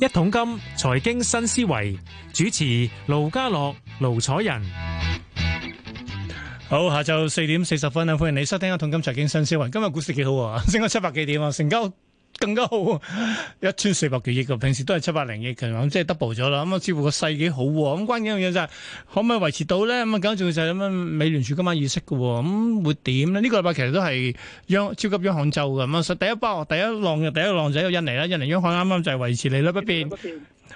一桶金財經新思維主持盧家樂、盧楚仁，好，下晝四點四十分啊，歡迎你收聽一桶金財經新思維。今日股市幾好啊，升咗七百幾點啊，成交，更加好，一千四百幾億，平時都係七百零億嘅，咁即係 double 咗啦。咁啊，似乎個勢幾好喎。咁關鍵嘅嘢就係可唔可以維持到咧？咁啊，緊要就係咁啊，美聯儲今晚議息嘅，咁會點咧？呢個禮拜其實都係央超級央行周。咁啊，第一波、第一浪、第一浪仔又印尼啦，印尼央行啱啱就係維持利率不變，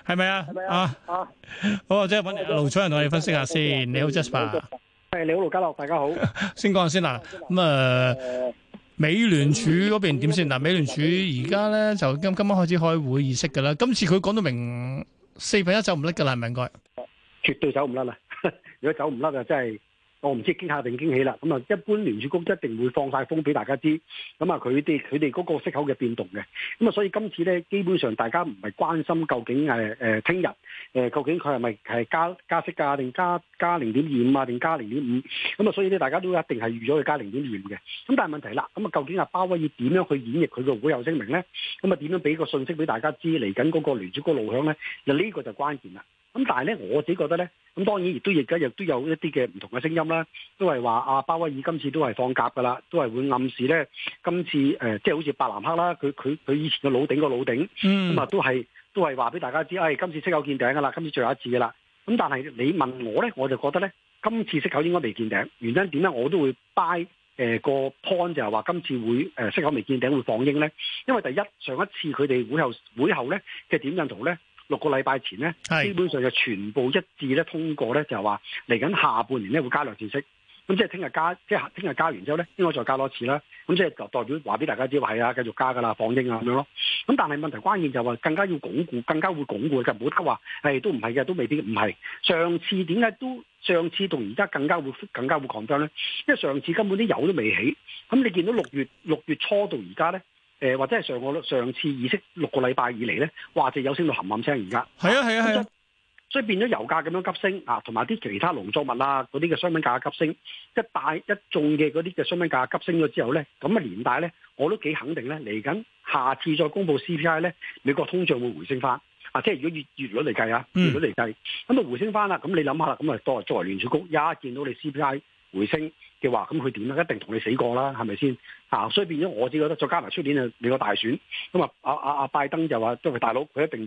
係咪啊？啊啊，好啊，即係揾阿盧楚仁同我分析下先。你好 Jasper，係你好，盧家樂，大家好。先講下先啦。咁啊。美聯儲嗰邊點先？嗱，美聯儲而家咧就今今晚開始開會議息㗎啦。今次佢講到明四分一走唔甩㗎啦，係咪應該，絕對走唔甩啦！ 如果走唔甩啊，真係～我唔知驚下定驚喜啦，咁啊一般聯儲局一定會放晒風俾大家知，咁啊佢哋佢哋嗰個息口嘅變動嘅，咁啊所以今次咧基本上大家唔係關心究竟係誒聽日誒究竟佢係咪係加加息啊定加加零點二五啊定加零點五，咁啊所以咧大家都一定係預咗佢加零點二五嘅，咁但係問題啦，咁啊究竟阿鮑威爾點樣去演繹佢嘅會有聲明咧，咁啊點樣俾個信息俾大家知嚟緊嗰個聯儲局路向咧，就呢個就關鍵啦。咁但係咧，我自己覺得咧，咁當然亦都而家亦都有一啲嘅唔同嘅聲音啦，都係話阿鮑威爾今次都係放鴿噶啦，都係會暗示咧、呃就是哎，今次即係好似白蘭克啦，佢佢佢以前個老頂個老頂，咁啊都係都係話俾大家知，誒今次息口見頂噶啦，今次最後一次噶啦。咁但係你問我咧，我就覺得咧，今次息口應該未見頂，原因點解咧？我都會 buy、呃、個 point 就係話今次會誒息、呃、口未見頂會放映咧，因為第一上一次佢哋會後會後咧嘅點陣圖咧？六個禮拜前咧，基本上就全部一致咧通過咧，就話嚟緊下半年咧會加兩次息，咁即係聽日加，即係聽日加完之後咧，應該再加多次啦。咁即係就代表話俾大家知，話係啊，繼續加噶啦，放鷹啊咁樣咯。咁但係問題關鍵就話更加要鞏固，更加會鞏固，就唔好得話，係都唔係嘅，都未必唔係。上次點解都上次同而家更加會更加會抗爭咧？因為上次根本啲油都未起，咁你見到六月六月初到而家咧？誒，或者係上個上次議息六個禮拜以嚟咧，話就有升到冚冚聲，而家係啊係啊，是啊是啊，所以變咗油價咁樣急升啊，同埋啲其他農作物啊嗰啲嘅商品價格急升，一大一眾嘅嗰啲嘅商品價格急升咗之後咧，咁嘅連帶咧，我都幾肯定咧，嚟緊下，下次再公布 CPI 咧，美國通脹會回升翻啊！即係如果月月率嚟計啊，月率嚟計，咁啊、嗯、回升翻啦，咁你諗下啦，咁啊，當作為聯儲局，一見到你 CPI 回升嘅話，咁佢點啊？一定同你死過啦，係咪先？啊！所以變咗，我自己覺得再加埋出年啊，美國大選咁啊，阿阿阿拜登就話：，作為大佬，佢一定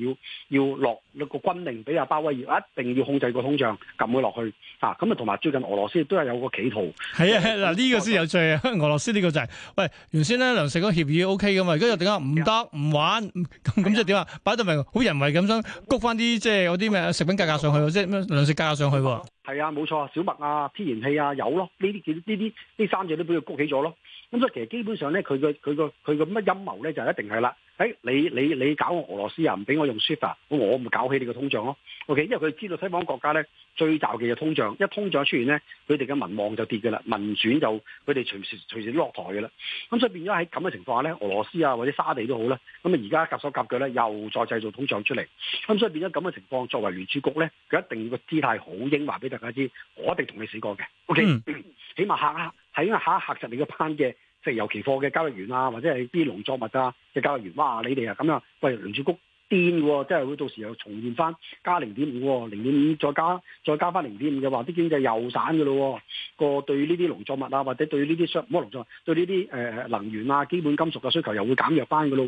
要要落個軍令，俾阿鮑威爾一定要控制個通脹，撳佢落去。啊！咁啊，同埋最近俄羅斯都係有個企圖。係啊！嗱，呢個先有趣啊！俄羅斯呢個就係喂，原先咧糧食嗰個協議 O K 噶嘛，而家又點解唔得唔玩，咁即係點啊？擺到明，好人為咁樣谷翻啲，即係有啲咩食品價格上去，即係咩糧食價格上去喎？係啊，冇錯，小麥啊、天然氣啊、油咯，呢啲呢啲呢三樣都俾佢谷起咗咯。咁所以其基本上咧，佢個佢個佢個乜陰謀咧，就一定係啦。喺你你你搞俄羅斯啊，唔俾我用 SWIFT 咁我咪搞起你個通脹咯。O、okay? K.，因為佢知道西方國家咧最罩忌嘅通脹，一通脹出現咧，佢哋嘅民望就跌嘅啦，民選就佢哋隨時隨時落台嘅啦。咁所以變咗喺咁嘅情況下咧，俄羅斯啊或者沙地都好啦。咁啊而家夾手夾腳咧又再製造通脹出嚟。咁所以變咗咁嘅情況，作為聯儲局咧，佢一定要個姿態好英話俾大家知，我一定同你死過嘅。O、okay? K.，、嗯、起碼下下喺下一嚇實你個班嘅。石油期貨嘅交易員啊，或者係啲農作物啊嘅交易員，哇！你哋啊咁啊，喂、哎！輪住谷癲喎，即係會到時又重現翻加零點五，零點五再加再加翻零點五嘅話，啲經濟又散㗎咯喎。個對呢啲農作物啊，或者對呢啲商唔好農作物，對呢啲、呃、能源啊、基本金屬嘅需求又會減弱翻㗎咯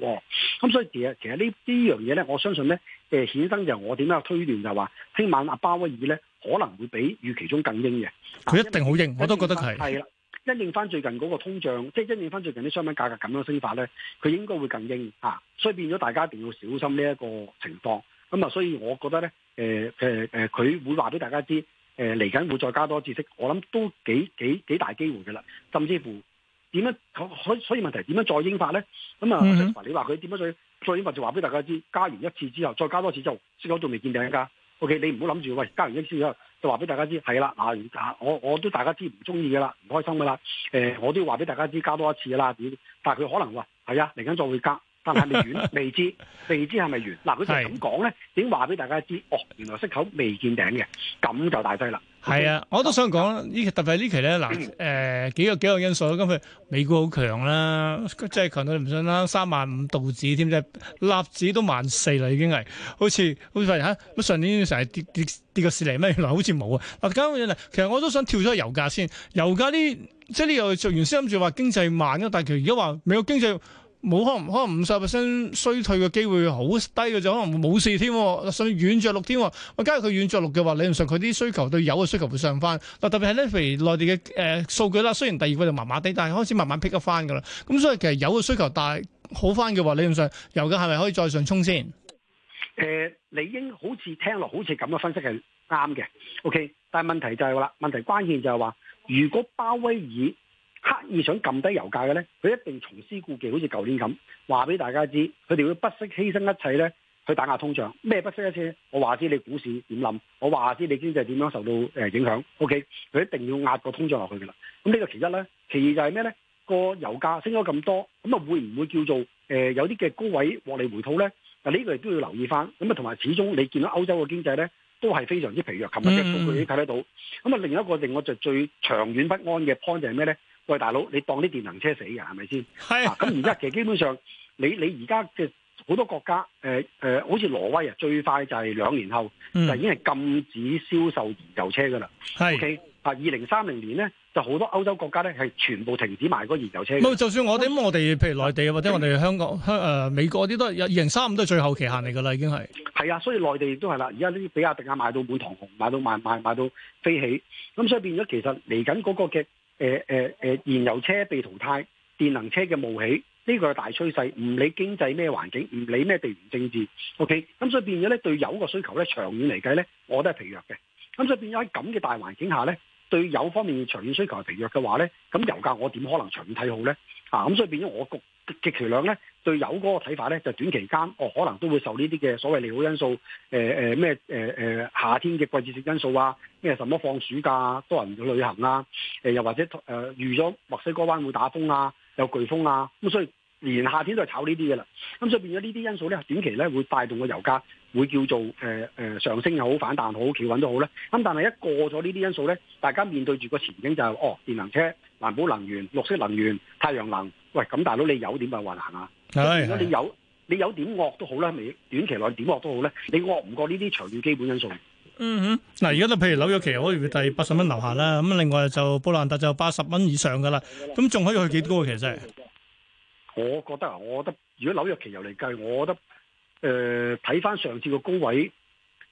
喎。咁所以其實其實呢呢樣嘢咧，我相信咧誒衍生就我點樣推斷就話、是，聽晚阿鮑威爾咧可能會比預期中更硬嘅，佢一定好硬，為我都覺得係。因應翻最近嗰個通脹，即係因應翻最近啲商品價格咁樣的升法咧，佢應該會更鷹啊，所以變咗大家一定要小心呢一個情況。咁啊，所以我覺得咧，誒誒誒，佢、呃呃、會話俾大家知，誒嚟緊會再加多次息，我諗都幾幾幾大機會噶啦。甚至乎點樣可以所以問題點樣再鷹法咧？咁啊，mm hmm. 你話佢點樣再再鷹法就話俾大家知，加完一次之後再加多次之後就息口仲未見頂㗎 O K，你唔好諗住喂加完一次啊！就話俾大家知，係啦，嗱，啊，我我都大家知唔中意嘅啦，唔開心嘅啦，誒、呃，我都要話俾大家知加多一次嘅啦，但係佢可能話係啊，嚟緊再會加，但係未完未知，未知係咪完？嗱、啊，佢就係咁講咧，已經話俾大家知，哦，原來息口未見頂嘅，咁就大劑啦。係啊，我都想講呢期特別係呢期咧，嗱，誒、呃、幾個幾個因素啦，今次美國好強啦，即係強到你唔信啦，三萬五道指添，即係納指都萬四啦，已經係，好似好似話嚇乜上年成日跌跌跌個四厘咩？嗱，好似冇啊，咁樣嚟，其實我都想跳咗個油價先，油價呢，即係呢個做完先諗住話經濟慢咯，但係其實而家話美國經濟。冇可能，可能五十 percent 衰退嘅機會好低嘅就可能冇事添，所以軟着陸添。喂，假如佢軟着陸嘅話，理論上佢啲需求對油嘅需求會上翻。嗱，特別係咧，譬如內地嘅誒數據啦，雖然第二季就麻麻地，但係開始慢慢 pick up 翻㗎啦。咁、嗯、所以其實有嘅需求但係好翻嘅話，理論上油價係咪可以再上衝先？誒、呃，理應好似聽落好似咁嘅分析係啱嘅。OK，但係問題就係、是、啦，問題關鍵就係、是、話，如果鮑威爾刻意想撳低油價嘅咧，佢一定重施故技，好似舊年咁話俾大家知，佢哋會不惜犧牲一切咧去打壓通脹。咩不惜一切？我話知你股市點諗，我話知你經濟點樣受到誒影響。OK，佢一定要壓個通脹落去㗎啦。咁呢個其一咧，其二就係咩咧？個油價升咗咁多，咁啊會唔會叫做誒、呃、有啲嘅高位獲利回吐咧？嗱呢個亦都要留意翻。咁啊同埋，始終你見到歐洲嘅經濟咧都係非常之疲弱。琴日嘅數據已經睇得到。咁啊、嗯，另一個令我就最長遠不安嘅 point 就係咩咧？喂，大佬，你當啲電能車死㗎係咪先？係。咁而家其實基本上，你你而家嘅好多國家，誒、呃、好似挪威啊，最快就係兩年後、嗯、就已經係禁止銷售燃油車㗎啦。係是。O、okay? 啊，二零三零年咧，就好多歐洲國家咧係全部停止賣嗰燃油車。唔係就算我哋、嗯、我哋譬如內地或者我哋香港、香、啊啊、美國啲都係二零三五都係最後期限嚟㗎啦，已經係。係啊，所以內地都係啦。而家啲比亞迪啊，賣到滿堂紅，賣到賣賣賣到飛起。咁所以變咗，其實嚟緊嗰個嘅。誒誒、呃呃、燃油車被淘汰，電能車嘅冒起，呢個係大趨勢，唔理經濟咩環境，唔理咩地緣政治，OK，咁所以變咗咧對油嘅需求咧長遠嚟計咧，我都係疲弱嘅，咁所以變咗喺咁嘅大環境下咧，對油方面長遠需求係疲弱嘅話咧，咁油價我點可能長遠睇好咧？啊，咁所以變咗我局。極其量咧，對油嗰個睇法咧，就短期間，哦，可能都會受呢啲嘅所謂利好因素，誒咩誒夏天嘅季節性因素啊，咩什麼放暑假啊，多人去旅行啊，呃、又或者誒預咗墨西哥灣會打風啊，有颶風啊，咁所以連夏天都係炒呢啲㗎啦，咁所以變咗呢啲因素咧，短期咧會帶動個油價。會叫做誒誒、呃呃、上升又好，反彈又好，企穩都好咧。咁但係一過咗呢啲因素咧，大家面對住個前景就係、是、哦，電能車、環保能源、綠色能源、太陽能。喂，咁大佬你有點咪運行啊？係的。如果你有，你有點惡都好啦，咪短期內點惡都好咧，你惡唔過呢啲長遠基本因素。嗯哼，嗱，而家都譬如紐約期可以第八十蚊樓下啦。咁另外就布蘭特就八十蚊以上噶啦。咁仲、嗯、哼可以去幾高其實？我覺得啊，我覺得如果紐約期由嚟計，我覺得。誒睇翻上次個高位，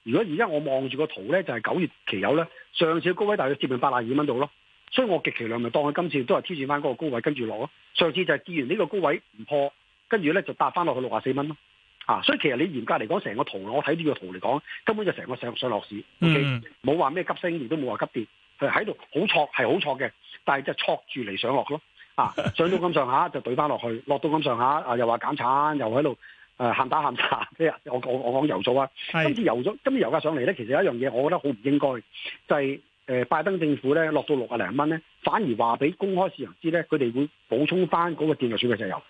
如果而家我望住個圖咧，就係、是、九月期油咧，上次嘅高位大概接近八廿二蚊度咯。所以我極其量咪當佢今次都係挑戰翻嗰個高位，跟住落咯。上次就係見完呢個高位唔破，跟住咧就搭翻落去六廿四蚊咯。啊，所以其實你嚴格嚟講，成個圖我睇呢個圖嚟講，根本就成個上上落市，冇話咩急升亦都冇話急跌，係喺度好挫係好挫嘅，但係即係挫住嚟上落咯。啊，上到咁上下就對翻落去，落到咁上下啊又話減產，又喺度。誒、呃、喊打喊打！即係我我我講油咗啊！今次是油咗，今次油價上嚟咧，其實有一樣嘢，我覺得好唔應該，就係、是呃、拜登政府咧落到六啊零蚊咧，反而話俾公開市場知咧，佢哋會補充翻嗰個電力儲備石油。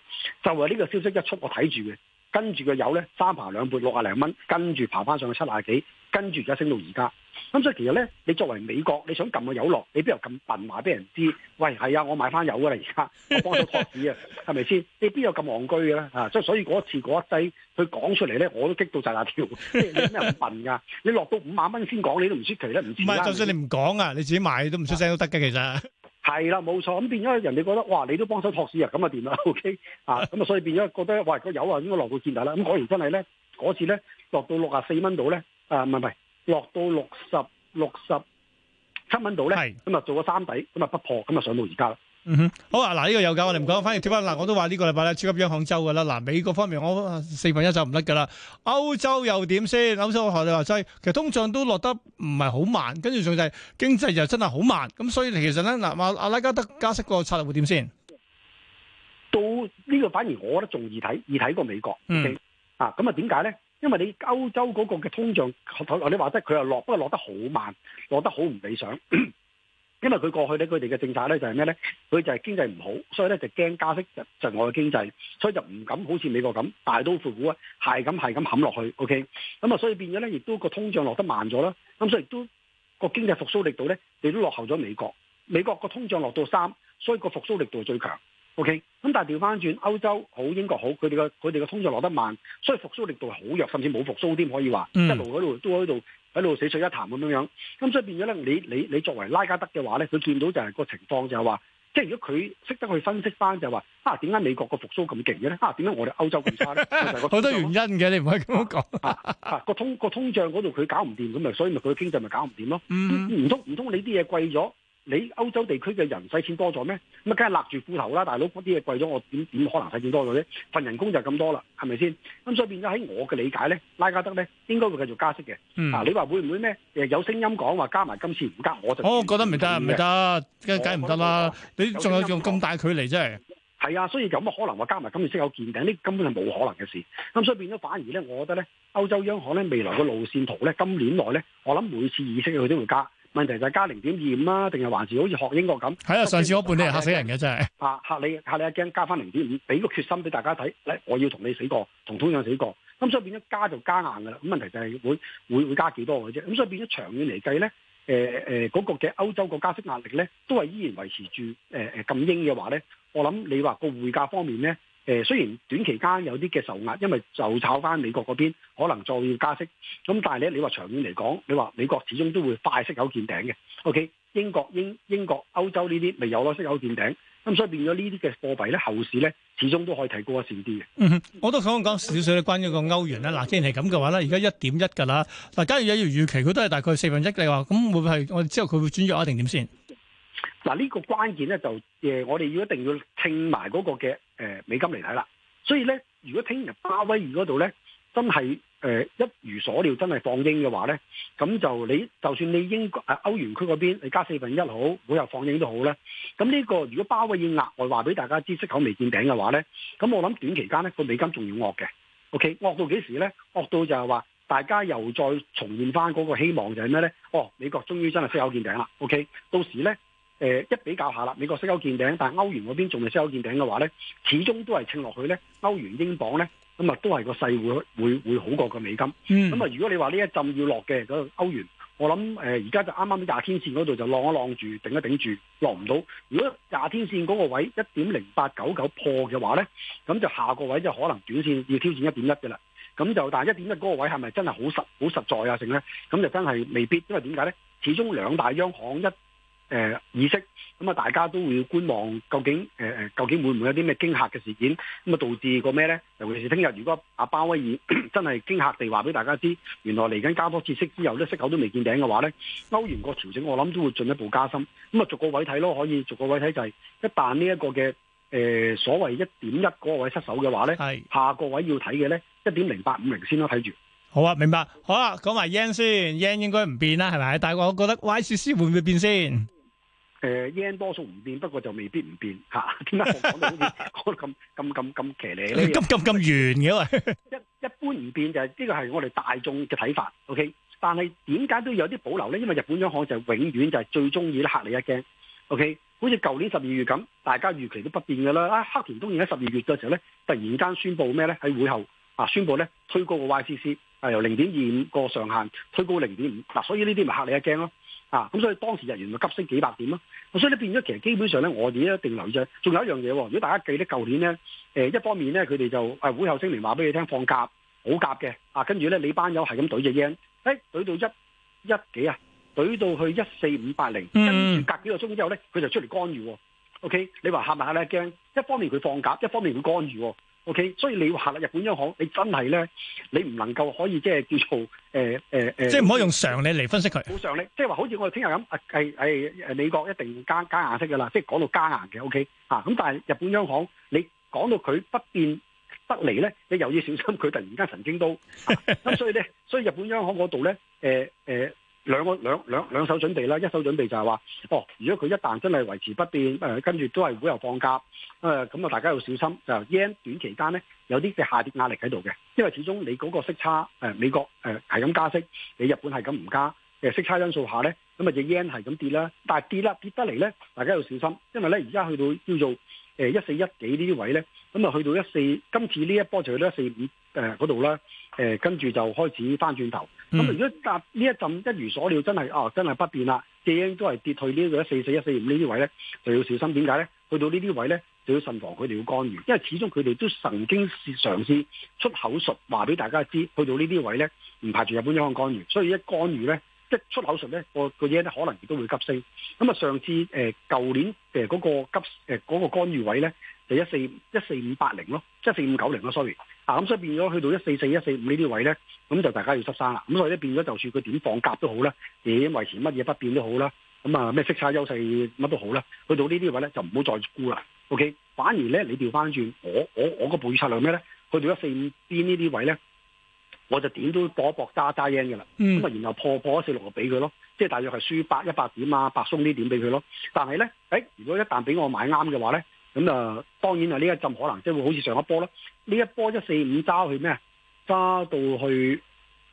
就話呢個消息一出，我睇住嘅，跟住個油咧三爬兩撥六啊零蚊，跟住爬翻上去七啊幾。跟住而家升到而家，咁所以其實咧，你作為美國，你想撳個油落，你邊有咁笨話俾人知？喂，係啊，我買翻油㗎啦，而家我幫手托市啊，係咪先？你邊有咁憨居嘅咧？嚇、啊！即係所以嗰一次嗰一劑，佢講出嚟咧，我都激到炸下跳。即係 你咩咁笨㗎？你落到五萬蚊先講，你都唔出奇咧，唔知係，就算你唔講啊，你自己買都唔出聲都得嘅，啊、其實係啦，冇錯、啊。咁變咗人哋覺得，哇！你都幫手托市啊，咁啊掂啊？O K。啊，咁啊所以變咗覺得，哇！個油啊應該落到見底啦。咁果然真係咧，嗰次咧落到六啊四蚊度咧。誒，唔係唔係，落到六十六十七蚊度咧，咁啊做咗三底，咁啊不破，咁啊上到而家啦。嗯哼，好啊，嗱呢個又搞，我哋唔講，反而跳翻嗱，我都話呢個禮拜咧超級央行周噶啦。嗱，美國方面我四分一就唔甩噶啦，歐洲又點先？歐洲我學你話齋，其實通脹都落得唔係好慢，跟住仲就係經濟又真係好慢，咁所以其實咧嗱，阿阿拉加德加息個策略會點先？到呢個反而我覺得仲易睇易睇過美國。嗯，啊咁啊點解咧？因為你歐洲嗰個嘅通脹，我你話得佢又落，不過落得好慢，落得好唔理想。因為佢過去咧，佢哋嘅政策咧就係咩咧？佢就係經濟唔好，所以咧就驚加息，就就外嘅經濟，所以就唔敢好似美國咁大刀闊斧啊，係咁係咁冚落去。O K. 咁啊，所以變咗咧，亦都個通脹落得慢咗啦。咁所以亦都個經濟復甦力度咧，亦都落後咗美國。美國個通脹落到三，所以個復甦力度係最強。O K. 咁但係，調翻轉歐洲好，英國好，佢哋嘅佢哋嘅通脹落得慢，所以復甦力度好弱，甚至冇復甦添，可以話一路喺度都喺度喺度死水一潭咁樣樣。咁、嗯、所以變咗咧，你你你作為拉加德嘅話咧，佢見到就係個情況就係話、就係，即係如果佢識得去分析翻就係話啊，點解美國個復甦咁勁嘅咧？啊，點解、啊、我哋歐洲咁差咧？好多原因嘅，你唔可以咁講啊！啊啊通個通、個通脹嗰度佢搞唔掂咁咪，所以咪佢經濟咪搞唔掂咯？唔通唔通你啲嘢貴咗？你歐洲地區嘅人使錢多咗咩？咁啊梗係勒住褲頭啦！大佬嗰啲嘢貴咗，我點點可能使錢多咗咧？份人工就咁多啦，係咪先？咁所以變咗喺我嘅理解咧，拉加德咧應該會繼續加息嘅。啊、嗯，你話會唔會咩？誒有聲音講話加埋今次唔加，我就、哦、我覺得唔得唔得，梗係唔得啦！你仲有用咁大距離啫？係啊，所以有乜可能話加埋今次即有見頂，呢根本係冇可能嘅事。咁所以變咗反而咧，我覺得咧歐洲央行咧未來嘅路線圖咧，今年內咧，我諗每次議息佢都會加。問題就係加零點二五啊，定係還是好似學英國咁？係啊的，上次我半你嚇死人嘅真係啊嚇你嚇你一驚加翻零點五，俾個決心俾大家睇，嚟我要同你死過，同通脹死過，咁所以變咗加就加硬噶啦。咁問題就係會會會加幾多嘅啫，咁所以變咗長遠嚟計咧，呃、呃、嗰個嘅歐洲個加息壓力咧，都係依然維持住咁、呃、㷫嘅話咧，我諗你話個匯價方面咧。誒，雖然短期間有啲嘅受壓，因為就炒翻美國嗰邊，可能再要加息，咁但係咧，你話長遠嚟講，你話美國始終都會快息口見頂嘅。OK，英國英英國歐洲呢啲未有咯，息口見頂，咁所以變咗呢啲嘅貨幣咧，後市咧始終都可以提高一少啲嘅。嗯哼我都想講少少咧，關於個歐元啦。嗱，既然係咁嘅話咧，而家一點一㗎啦。嗱，假如有要預期，佢都係大概四分一，你話咁會唔會係我哋之後佢會轉弱一定點先？嗱，呢個關鍵咧就誒、呃，我哋要一定要聽埋嗰個嘅、呃、美金嚟睇啦。所以咧，如果聽日巴威爾嗰度咧真係誒、呃、一如所料真，真係放鷹嘅話咧，咁就你就算你英國、啊、歐元區嗰邊你加四分一好，每又放鷹都好呢。咁呢、這個如果巴威爾額外話俾大家知息口未見頂嘅話咧，咁我諗短期間咧個美金仲要惡嘅。O K. 惡到幾時咧？惡到就係話大家又再重現翻嗰個希望就係咩咧？哦，美國終於真係息口見頂啦。O、OK? K. 到時咧。誒、呃、一比較一下啦，美國息口見頂，但係歐元嗰邊仲未息口見頂嘅話呢，始終都係稱落去呢，歐元英鎊呢，咁啊都係個勢會會會好過個美金。咁啊、嗯，如果你話呢一陣要落嘅嗰歐元，我諗誒而家就啱啱廿天線嗰度就晾一晾住，頂一頂住，落唔到。如果廿天線嗰個位一點零八九九破嘅話呢，咁就下個位就可能短線要挑戰一點一嘅啦。咁就但係一點一嗰個位係咪真係好實好實在啊成呢，咁就真係未必，因為點解呢？始終兩大央行一誒、呃、意識，咁、嗯、啊，大家都會觀望究竟、呃、究竟會唔會有啲咩驚嚇嘅事件，咁、嗯、啊導致個咩咧？尤其是聽日，如果阿鮑威爾真係驚嚇地話俾大家知，原來嚟緊加多次息之後咧，息口都未見頂嘅話咧，歐元個調整我諗都會進一步加深。咁、嗯、啊、嗯，逐個位睇咯，可以逐個位睇就係一旦呢一個嘅、呃、所謂一點一嗰個位失守嘅話咧，係是下個位要睇嘅咧一點零八五零先咯，睇住。好啊，明白。好啦、啊，講埋 yen 先，yen 應該唔變啦，係咪？但係我覺得 YCC 會唔會變先？誒、uh, yen 多數唔變，不過就未必唔變嚇。點、啊、解我講到好似講到咁咁咁咁騎呢？你咁咁咁圓嘅喎？一一般唔變就係呢個係我哋大眾嘅睇法。OK，但係點解都有啲保留咧？因為日本央行就永遠就係最中意嚇你一驚。OK，好似舊年十二月咁，大家預期都不變㗎啦。啊，黑田東彥喺十二月嘅時候咧，突然間宣布咩咧？喺會後啊，宣布咧推高個 YCC、啊、由零點二五個上限推高零點五。嗱、啊，所以呢啲咪嚇你一驚咯。啊，咁所以當時日元咪急升幾百點咯，咁所以咧變咗其實基本上咧，我哋一定留意仲有一樣嘢喎。如果大家記得舊年咧，誒、呃、一方面咧佢哋就誒、啊、會後聲明話俾你聽放鴿，好鴿嘅，啊跟住咧你班友係咁懟隻煙，誒、欸、懟到一一幾啊，懟到去一四五八零，跟住隔幾個鐘之後咧佢就出嚟干預，OK？你話嚇唔嚇咧驚？一方面佢放鴿，一方面佢干預。O、okay? K，所以你話啦，日本央行你真係咧，你唔能夠可以即係叫做誒誒誒，呃呃、即係唔可以用常理嚟分析佢。常理即係話好似我哋聽日咁，誒誒誒，美、哎哎、國一定加加壓息嘅啦，即係講到加壓嘅 O K 吓。咁、okay? 啊、但係日本央行，你講到佢不變得嚟咧，你又要小心佢突然間神經刀。咁、啊、所以咧，所以日本央行嗰度咧，誒、呃、誒。呃兩個兩,兩,兩手準備啦，一手準備就係話，哦，如果佢一旦真係維持不變、呃、跟住都係會有放假。咁、呃、啊大家要小心就 yen 短期間咧有啲嘅下跌壓力喺度嘅，因為始終你嗰個息差、呃、美國係咁、呃呃、加息，你日本係咁唔加，誒、呃、息差因素下咧，咁啊隻 yen 係咁跌啦，但係跌啦跌得嚟咧，大家要小心，因為咧而家去到叫做誒一、呃、四一幾呢啲位咧。咁啊，就去到一四，今次呢一波就去到一四五誒嗰度啦。誒，跟、呃、住就開始翻轉頭。咁、嗯、如果搭呢一陣一如所料，真係啊、哦，真係不變啦，仍然都係跌退呢個一四四一四五呢啲位咧，就要小心點解咧？去到呢啲位咧，就要慎防佢哋要干預，因為始終佢哋都曾經試嘗試出口術話俾大家知，去到呢啲位咧，唔排除日本央行干預。所以一干預咧，一出口術咧，個嘢咧可能亦都會急升。咁啊，上次誒舊、呃、年嗰、呃那個急嗰、呃那個、干預位咧。一四一四五八零咯，一四五九零咯，sorry 啊，咁所以變咗去到一四四一四五呢啲位咧，咁就大家要執生啦。咁所以咧，變咗就算佢點放鴿都好啦，點維持乜嘢不變都好啦，咁啊咩色差優勢乜都好啦，去到呢啲位咧就唔好再沽啦。O、okay? K，反而咧你調返轉，我我我個背策量咩咧？去到一四五邊呢啲位咧，我就點都搏一搏揸揸嘅啦。咁啊、嗯，然後破破一四六就俾佢咯，即係大約係輸百一百點啊，百鬆呢點俾佢咯。但係咧，誒、欸，如果一旦俾我買啱嘅話咧。咁啊、嗯，當然呢一陣可能即係會好似上一波啦呢一波一四五揸去咩，揸到去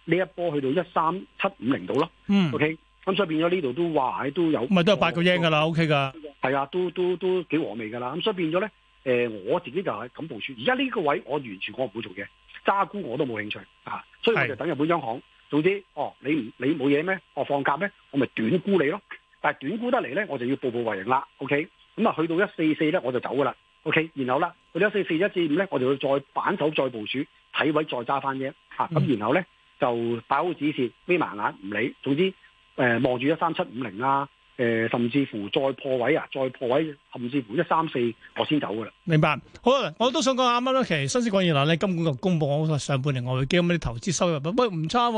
呢一波去到一三七五零度咯。嗯，OK，咁、嗯、所以變咗呢度都話都有。唔係都係八個英㗎啦，OK 㗎，係啊，都都都幾和味㗎啦。咁、嗯、所以變咗咧，誒、呃、我自己就係咁部署。而家呢個位我完全我唔會做嘅，揸沽我都冇興趣啊，所以我就等日本央行，早啲是，哦，你唔你冇嘢咩？我放假咩？我咪短沽你咯。但係短沽得嚟咧，我就要步步為營啦。OK。咁啊，去到一四四咧，我就走噶啦。OK，然後啦，去到一四四一至五咧，我哋要再反手再部署，睇位再揸翻嘢。吓、嗯，咁然後咧就打好指示，眯埋眼唔理。總之，誒望住一三七五零啦。誒、呃，甚至乎再破位啊，再破位，甚至乎一三四，我先走噶啦。明白，好啦，我都想講啱啱啦。其實新思講業嗱咧，金管局公布我上半年外匯基金啲投資收入，喂唔差，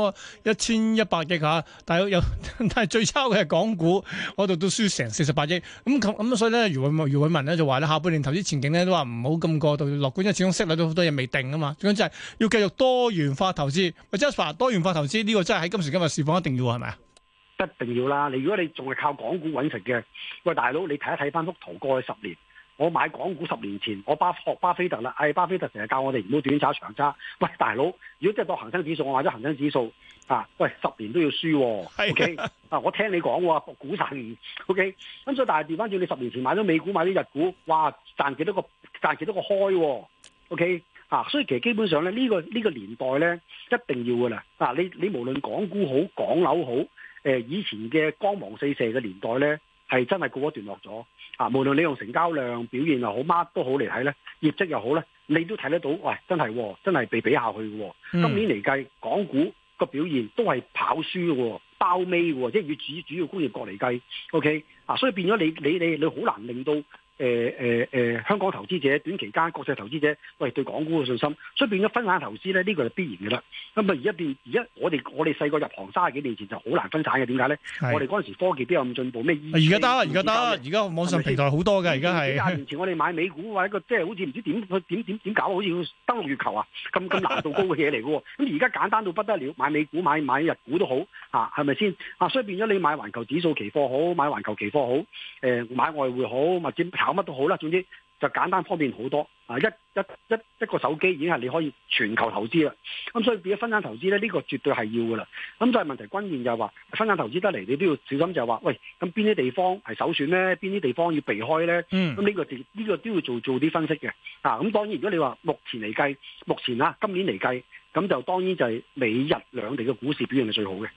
一千一百億吓。但係有，但係最差嘅係港股嗰度都輸成四十八億。咁咁所以咧，余偉余偉文咧就話咧，下半年投資前景咧都話唔好咁過度樂觀，因為始終積累咗好多嘢未定啊嘛。總之係要繼續多元化投資。Jasper，多元化投資呢、呢個真係喺今時今日市況一定要係咪啊？一定要啦。你如果你仲係靠港股搵食嘅，喂，大佬，你睇一睇翻幅圖，過去十年我買港股，十年前，我巴學巴菲特啦，誒、哎，巴菲特成日教我哋唔好短炒，長揸。喂，大佬，如果真係當恒生指數，我買咗恒生指數啊，喂，十年都要輸、哦。係啊，我聽你講喎、啊，股神。O K. 咁所以大家調翻轉，你十年前買咗美股買啲日股，哇，賺幾多個賺幾多個開、哦。O、okay? K. 啊，所以其實基本上咧呢、呢個呢、呢個年代咧一定要噶啦。啊，你你無論港股好，港樓好。誒以前嘅光芒四射嘅年代咧，係真係過一段落咗啊！無論你用成交量表現又好，乜都好嚟睇咧，業績又好咧，你都睇得到，喂、哎，真係、哦、真係被比、比下去喎、哦。嗯、今年嚟計，港股個表現都係跑輸嘅、哦，包尾喎、哦，即係與主主要工業國嚟計，OK 啊，所以變咗你你你你好難令到。誒誒誒，香港投資者短期間國際投資者喂對港股嘅信心，所以變咗分散投資咧呢、這個係必然嘅啦。咁啊而家變而家我哋我哋細個入行三十幾年前就好難分散嘅，點解咧？是我哋嗰陣時科技邊有咁進步咩？意義而家得，而家得，而家網上平台好多嘅，而家係廿年前我哋買美股或者個即係好似唔知點點點點搞，好似要登陸月球啊，咁咁難度高嘅嘢嚟嘅。咁而家簡單到不得了，買美股買買日股都好啊，係咪先啊？所以變咗你買環球指數期貨好，買環球期貨好，誒買外匯好，或者。搞乜都好啦，總之就簡單方便好多啊！一一一一個手機已經係你可以全球投資啦。咁所以變咗分散投資咧，呢、這個絕對係要噶啦。咁就係問題，關鍵就係話分散投資得嚟，你都要小心就，就係話喂，咁邊啲地方係首選咧？邊啲地方要避開咧？咁呢、嗯這個呢、這個都要做做啲分析嘅。啊，咁當然，如果你話目前嚟計，目前啦，今年嚟計，咁就當然就係美日兩地嘅股市表現係最好嘅。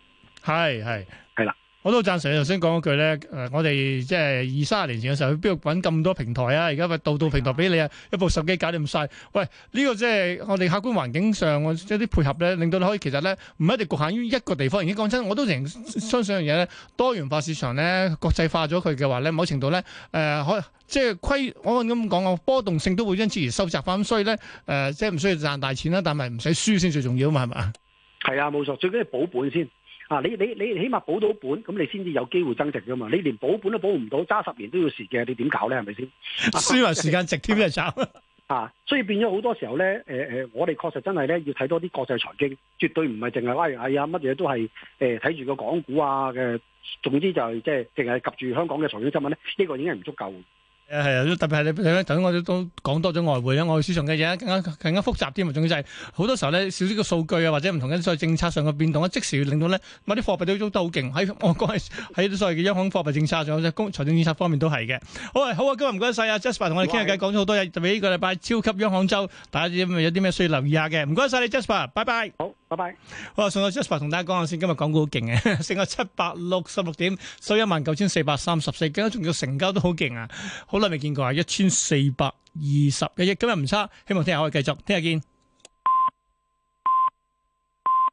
係係係啦。我都贊成你頭先講句咧、呃，我哋即係二卅年前嘅時候，邊度揾咁多平台啊？而家咪到到平台俾你啊！一部手機搞掂晒。喂，呢、這個即係我哋客觀環境上、就是、一啲配合咧，令到你可以其實咧，唔一定局限於一個地方。而講真，我都仍相信樣嘢咧，多元化市場咧，國際化咗佢嘅話咧，某程度咧，誒、呃，可即係規我咁講啊，波動性都會因此而收窄翻。所以咧、呃，即係唔需要賺大錢啦，但係唔使輸先最重要啊嘛，係咪啊？係啊，冇錯，最緊要保本先。啊！你你你起碼保到本，咁你先至有機會增值噶嘛！你連保本都保唔到，揸十年都要蝕嘅，你點搞咧？係咪先？輸埋時間值添啊！ 走啊！所以變咗好多時候咧，誒、呃、誒，我哋確實真係咧要睇多啲國際財經，絕對唔係淨係話哎呀，乜嘢都係誒睇住個港股啊嘅、呃，總之就係即係淨係及住香港嘅財經新聞咧，呢、呢個已經係唔足夠。誒，係啊，特別係你睇下，頭先我都講多咗外匯啦，外匯市場嘅嘢更加更加複雜啲啊，重要就係好多時候咧，少少個數據啊，或者唔同嘅所謂政策上嘅變動啊，即時要令到咧某啲貨幣都捉好勁，喺我講喺所謂嘅央行貨幣政策上，即係公財政政策方面都係嘅。好啊，好啊，今日唔該晒啊，Jasper 同我哋傾下偈，講咗好多嘢，特別呢個禮拜超級央行周，大家有有啲咩需要留意下嘅？唔該晒你，Jasper，拜拜。好。拜拜。Bye bye 好啦，送咗 Jasper 同大家講下先。今日港股好勁啊，升咗七百六十六點，收一萬九千四百三十四，更加仲要成交都好勁啊，好耐未見過啊，一千四百二十一億，今日唔差。希望聽日可以繼續，聽日見。